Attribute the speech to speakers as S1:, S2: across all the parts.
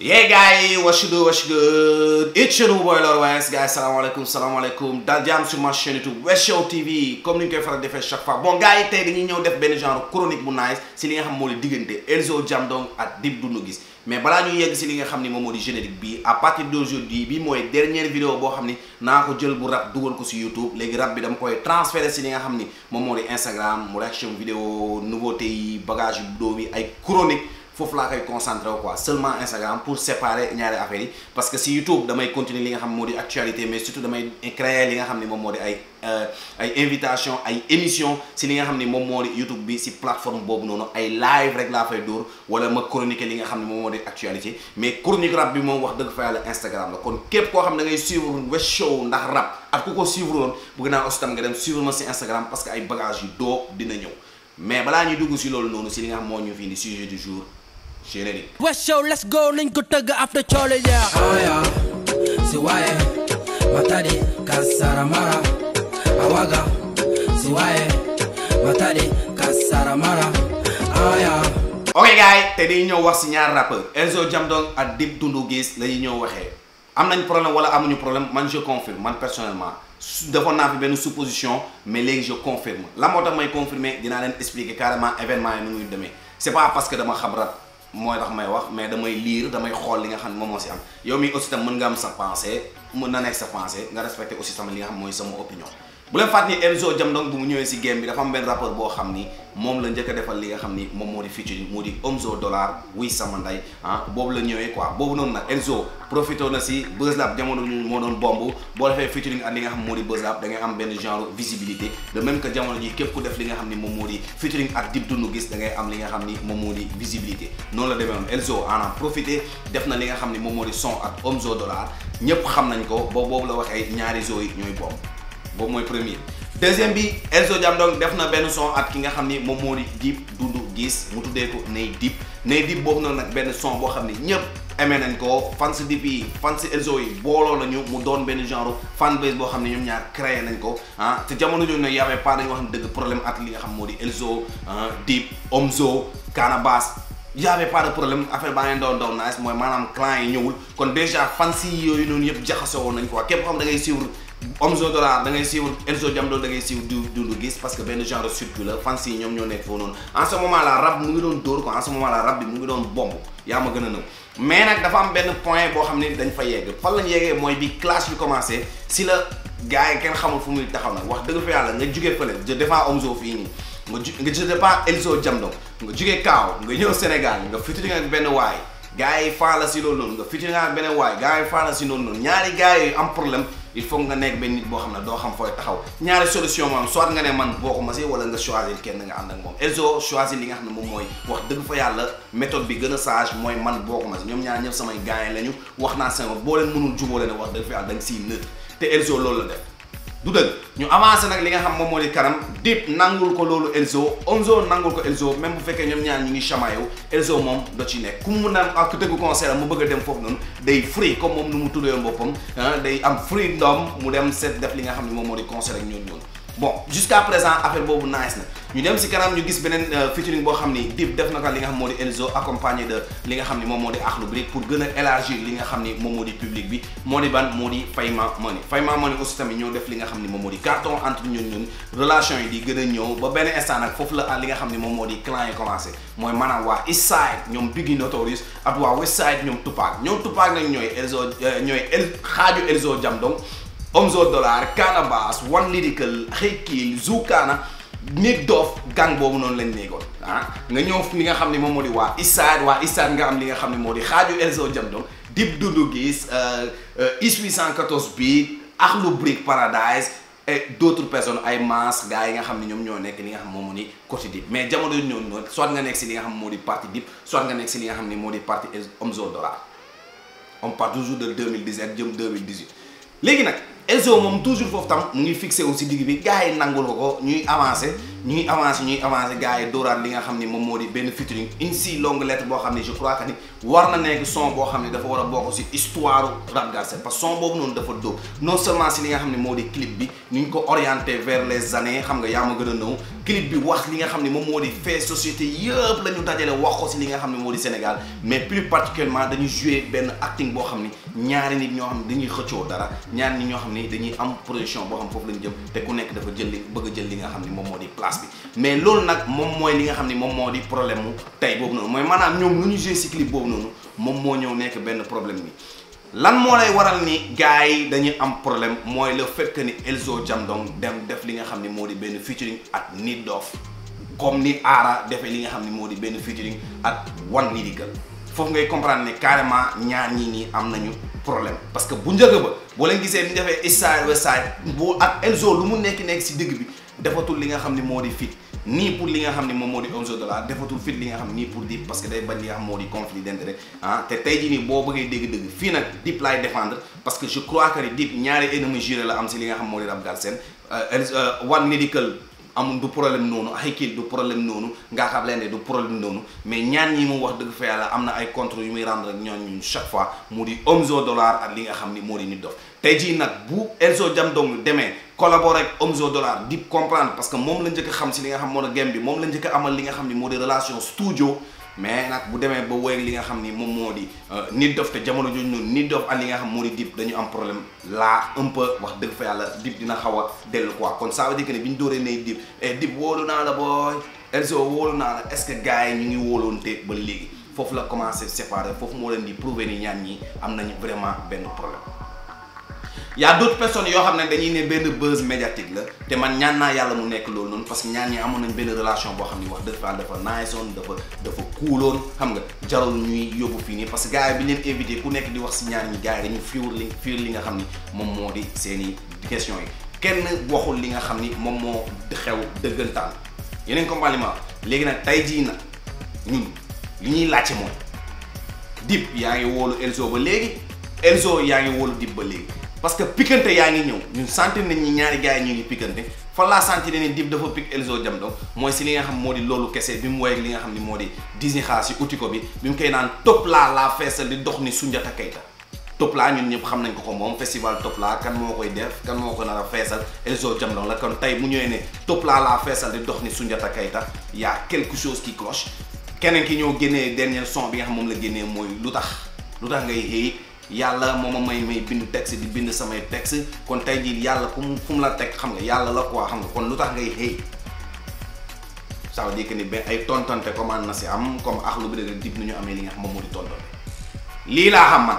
S1: yeah guys what's good what's good it's your new boy Lord Wes guys salaamaaleykum salaamaaleykum daal di am sur ma chaîne YouTube Wes TV comme ni ñu koy faral di defee chaque fois bon gars yi tey dañuy ñëw def benn genre chronique bu nice si li nga xam moo la diggante Elzo Jamdong ak Dip Doundou Guiss mais balaa ñuy yegg si li nga xam ni moom moo di générique bi à partir d'aujourd'hui bi mooy dernière vidéo boo xam ni naa ko jël bu rap dugal ko si YouTube léegi rap bi dama koy transféré si li nga xam ni moom moo di Instagram mu réaction vidéo nouveauté yi bagage yu doom yi ay chronique foofu laa koy concentré wu quoi seulement Instagram pour séparer ñaari affaires yi parce que si YouTube damay continuer li nga xam moo di actualité mais ne moom moo di ay euh, ay si li nga xam ne moom moo di YouTube si plateforme boobu noonu ay live rek li nga xam ne moom moo di actualité mais chronique rap bi moom wax dëgg fa yàlla Instagram la kon képp koo xam ne da ngay suivre Wes Show ndax rap ak ku ko suivre woon naa aussi tam nga dem suivre si Instagram parce que ay bagages yu doo dina ñëw mais balaa ñuy dugg si loolu noonu si li nga moo ñu fi indi générique. West Show let's go nañ ko tëgg after coole ya. Oh, Aya si waaye matadi kasara awaga si waaye matadi kasara mara oh, ok gars te dañu ñëw wax si ñaar rappeur Elzo Jamdong ak Dip Doundou Guiss la ñuy ñëw waxee am nañ problème wala amuñu problème man je confirme man personnellement. defoon naa fi benn supposition mais léegi je confirme la moo tax may confirmer dinaa leen expliquer carrément événement yi nu muy demee c'est pas parce que dama xam rap mooy tax may wax mais damay lire damay xool li nga xam ne moom moo si yow mi aussi tam mën nga am sa pensée mën na nekk sa pensée nga respecté aussi tam li nga xam mooy sama opinion bu leen fàtt ni Elzo jam donc bu mu ñëwee si game bi dafa am benn rappeur boo xam ni moom la njëkk a defal li nga xam ni moom moo di featuring moo di Omzo Dollar wuy sama nday ah boobu la ñëwee quoi boobu noonu nag Elzo profité na si Buzz jamono ñu moo doon bomb boo defee featuring ak li nga xam moo di Buzz Lab da am benn genre visibilité de même que jamono ku def li nga xam ni moom moo di featuring ak Dip Doundou Guiss am li nga xam ni moom moo di visibilité noonu la demee woon Elzo en a profité def na li nga xam ni moom moo di son ak Omzo Dollar ñépp xam nañ ko ba boobu la waxee ñaari zo yi ñooy bomb boobu mooy premier deuxième bi Elzo Jamdong def na benn son ak ki nga xam ni moom moo di Dip Doundou gis mu tuddee ko Ney Dip Ney Dip boobu noonu nag benn son boo xam ne ñëpp. amee nañ ko fans Dip yi fans Elzo yi booloo nañu mu doon benn genre fan base boo xam ne ñoom ñaar créé nañ ko ah te jamono jooju nag y avait pas dañu wax ne dëgg problème at li nga xam moo di Elzo ah, Dip Omzo Canabasse y avait pas de problème affaire baa ngeen doon doon nice mooy maanaam clan yi ñëwul kon déjà fans yi yooyu noonu yëpp jaxasoo woon nañ ko waa képp xam da ngay Omzo Dollar da ngay siiw Elzo Jamdo da ngay siiw du Doundou Guiss parce que benn genre surtout la fans yi ñoom ñoo nekk foofu noonu en ce moment là rab mu ngi doon dóor quoi en moment là rab bi mu ngi doon bomb yaa ma gën a nëw mais nag dafa am benn point boo xam ne dañ fa yegg fan lañ yeggee mooy bi clash bi commencé si la gars kenn xamul fu muy taxaw nag wax dëgg fa yàlla nga jugee fële je défends Omzo fii nii nga ju nga je défends Elzo nga jugee Kaaw nga ñëw benn waay gars yi faa la si loolu noonu nga fitiri nga benn waay gars yi faa la si loolu noonu il faut nga nekk benn nit boo xam ne doo xam fooy taxaw ñaari solution moom soit nga ne man boo ko masee wala nga choisir kenn nga ànd ak moom Elzo choisir li nga xam ne moom mooy wax dëgg fa yàlla méthode bi gën a sage mooy man boo ko masee ñoom ñaar ñëpp samay gaañ lañu wax naa sama boo leen mënul juboo leen wax dëgg fa yàlla da nga siy te Elzo loolu la def du dëgg ñu avancé nag li nga xam moom moo di kanam Dip nangul ko loolu Elzo Onzo nangul ko Elzo même bu fekkee ñoom ñaan ñu ngi chamayo Elzo moom do ci nekk ku mu naan ak dëgg concert mu bëgg dem foofu noonu day free comme moom nu mu tuddee woon boppam ah, day am free ndoom mu dem seet def li nga xam ne moom moo di concert ak ñoom ñoom bon jusqu'à présent affaire boobu nice na ñu dem si kanam ñu gis beneen euh, featuring boo xam ni Dip def na ko li nga xam moo di Elzo accompagné de li nga xam ni moom moo di Akhlou Brick pour gën a élargir li nga xam ni moom moo di public bi moo di ban moo di Fayma Money Fayma Money aussi tamit ñoo def li nga xam ni moom moo di carton entre ñun ñun relation yi di gën a ñëw ba benn instant nag foofu la ah, li nga xam ni moom moo di clan yi commencé mooy maanaam waa East Side ñoom Biggie Notorious ak waa West Side ñoom Tupac ñoom Tupac nag ñooy Elzo euh, ñooy el xaaju Elzo jam donc néeg doof gang boobu noonu lañ néegoon ah nga ñëw li nga xam ne moom moo di waa ISAR waa ISAR nga am li nga xam ne moo di xaaju Elzo Jamdong Dip Doundou Guiss euh, euh, IS814 bi Akhlou Brick Paradise et d'autres personnes ay maas gars yi nga xam ne ñoom ñoo nekk li nga xam moom moo di côté Dip mais jamono yu ñëw noonu soit nga nekk si li nga xam moo di parti Dip soit nga nekk si li nga xam ne moo di parti Omzo Dollar on parle toujours de 2017 jëm 2018 léegi nag. Elzo moom toujours foofu tam mu ngi fixé aussi digg bi gars yi nangul ko ko ñuy avancé ñuy avancé ñuy avancé gars yi li nga xam ni moom moo di benn featuring une si longue lettre boo xam ni je crois que war na nekk son boo xam ni dafa war a bokk si histoire rap galsen parce que son boobu noonu dafa dóob non seulement si li nga xam ni moo di clip bi ni ñu ko orienté vers les années xam nga yaa ma gën a nëw clip bi wax li nga xam ni moom moo di fait société yëpp la ñu dajale wax ko si li nga xam ni moo di Sénégal mais plus particulièrement dañuy joué benn acting boo xam ni ñaari nit ñoo xam ni dañuy xëccoo dara ñaari nit ñoo xam ni ni dañuy am projection boo xam foofu lañu jëm te ku nekk dafa jël li bëgg jël li nga xam ni moom moo di place bi mais loolu nag moom mooy li nga xam ni moom moo di problème mu tey boobu noonu mooy maanaam ñoom lu ñu joué si clip boobu noonu moom moo ñëw nekk benn problème bi lan moo lay waral ni gars yi dañuy am problème mooy le fait que ni Elzo Jamdong dem def li nga xam ni moo di benn featuring ak Nit Doff comme ni Aara defe li nga xam ni moo di benn featuring ak One Lyrical foofu ngay comprendre ne carrément ñaar ñii nii am nañu problème parce que bu njëg ba boo leen gisee ni ñu defee issaay wessaay boo ak Elzo lu mu nekk nekk si dëgg bi defatul li nga xam ni moo di fit nii pour li nga xam ni moom moo di Elzo Dollar defatul fit li nga xam nii pour Dip parce que day bañ li nga xam moo di conflit d'intérêt ah te tey ji nii boo bëggee dégg-dëgg fii nag Dip laay défendre parce que je crois que di Dip ñaari ennemis jurés la am si li nga xam moo di rab Galsen euh, euh, One Medical amul du problème noonu Hakiil du problème noonu nga xam leen du problème noonu mais ñaan yi mu wax dëgg fa yàlla am na ay contre yu muy rendre ak ñooñu chaque fois mu di Omzo Dollar ak li nga xam ni moo di Nit Doff te jii nag bu Elzo Jamdong demee collaborer ak Omzo Dollar di comprendre parce que moom la njëkk a xam si li nga xam moo a game bi moom la njëkk amal li nga xam ni moo di relation studio mais nag bu demee ba woy li nga xam ni moom moo di euh, Nit Doff te jamono jooju noonu Nit Doff ak li nga xam moo di Dip dañu am problème laa un peu wax dëgg fa yàlla Dip dina xaw a dellu quoi kon ça veut dire ne bi ñu dooree ne Dip et eh, Dip wóolu naa la booy Elzo wóolu naa la est-ce yi ñu ngi wooloon te ba léegi foofu la commencé séparer foofu moo leen di prouver ni ñaan ñi am nañu vraiment benn problème y a d'autres yoo xam ne dañuy ne benn buzz médiatique la te man ñaan naa yàlla mu nekk loolu noonu parce que ñaan ñi amoon nañ benn relation boo xam ni wax dëgg fa dafa niceoon dafa dafa kuuloon xam nga jarul ñuy yóbbu fii nii parce que gars yi bi leen invité ku nekk di wax si ñaar ñi gars yi dañu fiir li li nga xam ni moom moo di seeni question yi kenn waxul li nga xam ni moom moo xew dëggantaan yeneen compagnement léegi nag tey jii nag ñun li ñuy laajte mooy Dip yaa ngi wóolu Elzo ba léegi Elzo yaa ngi wóolu Dip parce que piquante yaa ngi ñëw ñun sentir nañ ñi ñaari gars yi ñu ngi piquante fan laa sentir ne Dip dafa pique Elzo jam donc mooy si li nga xam moo di loolu kese bi mu woy ak li nga xam ni moo di Disney xaas yi uti ko bi bi mu koy naan topp laa laa feesal di dox ni Soundiata Keita topp laa ñëpp xam nañ ko ko moom festival topp laa kan moo koy def kan ko nar a feesal Elzo jam la kon tey mu ñëwee ne topp laa laa feesal di dox ni Soundiata Keita y a quelque chose qui cloche keneen ki ñëw génnee dernier son bi nga xam moom la génnee mooy lu tax lu tax yàlla moom ma may may bind texte di bind samay texte kon tey jii yàlla fu mu fu mu la teg xam nga yàlla la quoi xam nga kon lu tax ngay xëy ça veut dire ni ba ay tontonte commande na si am comme axlu bi dëgg dib nañu amee li nga xam moom moo di tontante lii laa xam man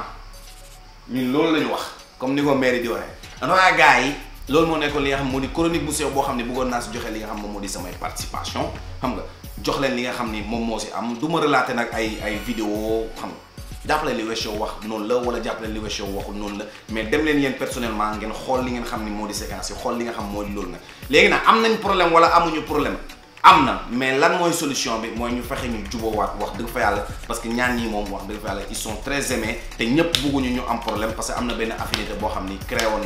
S1: ñun loolu la wax comme ni ko maire di waxee anaa gars yi loolu moo nekkoon li nga xam moo di chronique bu sew boo xam ne bëggoon naa si joxe li nga xam moom moo di samay participation xam nga jox leen li nga xam ni moom moo si am du ma relaté nag ay ay vidéo xam jàppale li Wes Show wax noonu la wala jàppale li Wes Show waxul noonu la mais dem leen yéen personnellement ngeen xool li ngeen xam ni moo di séquence yi xool li nga xam moo loolu nag léegi nag am nañ problème wala amuñu problème am na mais lan mooy solution bi mooy ñu fexe ñu jubóowaat wax dëgg fa yàlla parce que ñaan ñi moom wax dëgg fa yàlla ils sont très aimés te ñëpp bëgguñu ñu am problème parce que am na benn affinité boo xam ni créé en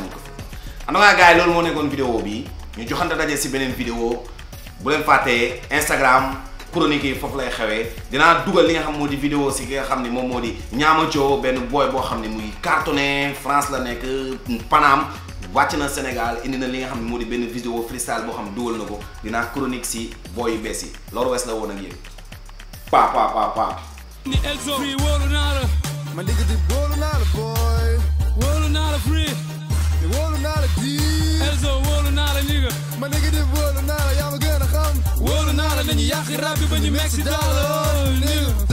S1: tout cas chronique yi foofu lay xewee dinaa dugal li nga xam moo di vidéo si ki nga xam ni moom moo di ñaama coow benn booy boo xam ne muy cartonné France la nekk Paname wàcc na Sénégal indi na li nga xam ne moo di benn vidéo freestyle boo xam ne dugal na ko dinaa chronique si booy yu bees yi loolu wees la woon ak yéen paa paa paa paa ni Elzo free wóolu naa la ma dégg di wóolu naa la free rap je, ben je Mexicano, nigga.